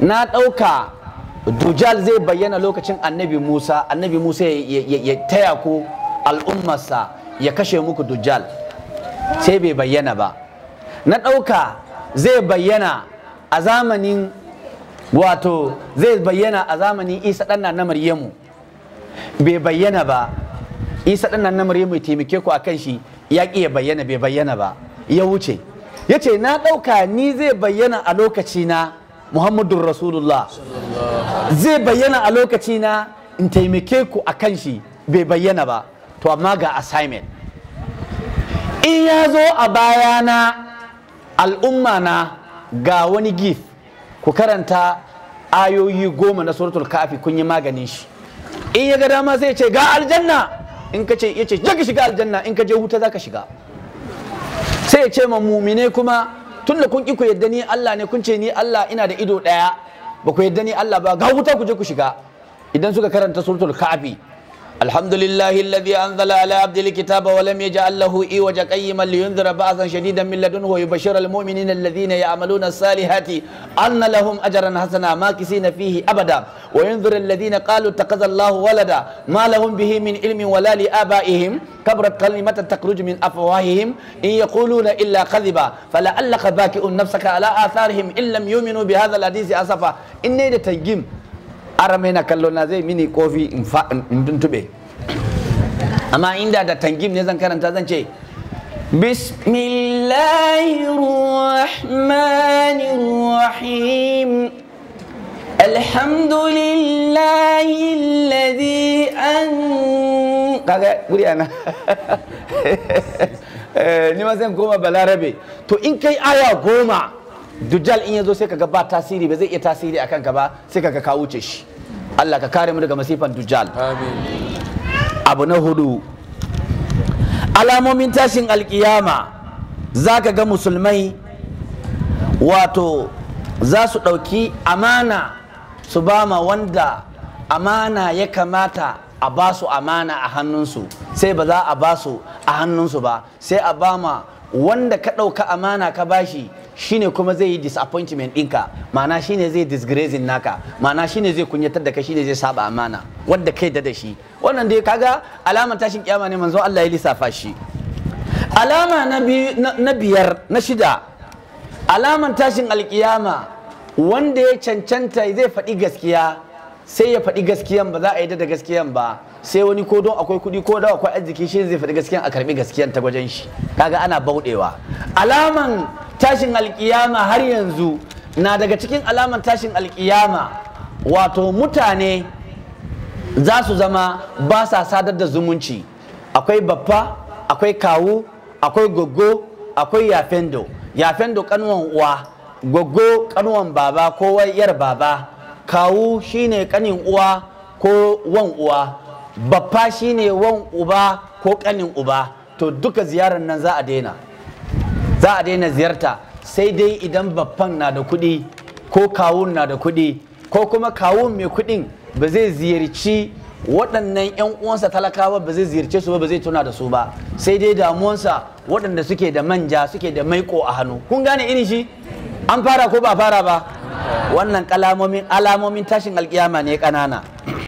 na ɗauka dujal zai bayyana lokacin annabi musa annabi musa ya taya ku al'ummarsa ya kashe muku dujal sai bai bayyana ba na ɗauka zai bayyana a zamanin wato zai bayyana a zamanin isa ɗanna na maryamu bai bayyana ba isa ɗanna na maryamu ya taimake ku a kan shi ya ƙi ya bayyana bai bayyana ba ya wuce ya ce na ɗauka ni zai bayyana a lokaci na Muhammadu rasulullah zai bayyana a lokaci na in taimake ku a kan shi bai bayyana ba to amma ga assignment in ya zo a baya na al'umma na ga wani gif ku karanta ayoyi goma na suratul kafi kun yi maganin shi in ya ga dama sai ce ga aljanna in ka ce ya ce shiga aljanna in ka je huta za ka shiga sai ya ce ma mumine kuma tun da kun ki ku yadda ni Allah ne kun ce ni Allah ina da ido ɗaya ba ku yadda ni Allah ba ga wuta ku je ku shiga idan suka karanta suratul kafi الحمد لله الذي أنزل على عبد الكتاب ولم يجعل له إيوجا قيما لينذر بأسا شديدا من لدنه ويبشر المؤمنين الذين يعملون الصالحات أن لهم أجرا حسنا ماكسين فيه أبدا وينذر الذين قالوا اتخذ الله ولدا ما لهم به من علم ولا لآبائهم كبرت كلمة تخرج من أفواههم إن يقولون إلا كذبا فلعلك باكئ نفسك على آثارهم إن لم يؤمنوا بهذا الحديث أسفا إني لتنجم arame na kallo na zai mini kofi in tuntube amma inda da tangim ne zan karanta zan ce bismillahirrahmanirrahim alhamdulillahi an kaga guri ana eh, ni ma zan koma balarabe to in kai aya goma dujjal in yazo sai kaga ba tasiri ba zai iya tasiri akan ka ba sai kaga ka wuce shi Allah ka kare mu daga masifan dujjal abu na hudu alamomin tashin alkiyama za ka ga musulmai wato za su ɗauki amana su ba ma wanda amana ya kamata a ba su amana a hannunsu sai ba za a ba su a hannunsu ba sai a ba ma wanda ka ɗauka amana ka bashi shine kuma zai yi disappointment dinka. ma'ana shine zai disgracing naka ma'ana shine zai kunyatar da kai shine zai saba amana wanda kai da shi wannan dai kaga alamar tashin kiyama ne manzo Allah ya lissafa shi alama na biyar na shida alaman tashin alkiyama wanda ya cancanta zai faɗi gaskiya sai ya faɗi gaskiyan ba za a yi da gaskiyan ba sai wani ko don akwai kuɗi ko da akwai arziki shi zai faɗi gaskiyan a karɓi gaskiyan ta wajen shi kaga ana bauɗewa alaman tashin alkiyama har yanzu na daga cikin alamar tashin alkiyama wato mutane za su zama ba sa sadar da zumunci akwai baffa akwai kawu akwai goggo, akwai yafendo yafendo kanuwan uwa gogo kanuwan baba ko 'yar baba kawu shine kanin uwa ko wan uwa baffa shine wan uba ko kanin uba to duka ziyarar nan za a daina za a daina ziyarta sai dai idan babban na da kuɗi ko kawun na da kuɗi ko kuma kawun mai kuɗin ba zai ziyarci waɗannan 'yan uwansa talakawa ba zai ziyarci su ba ba zai tuna da su ba sai dai damuwansa waɗanda suke da manja suke da maiko a hannu kun gane irin shi an fara ko ba fara ba wannan alamomin tashin alkiyama ne ƙanana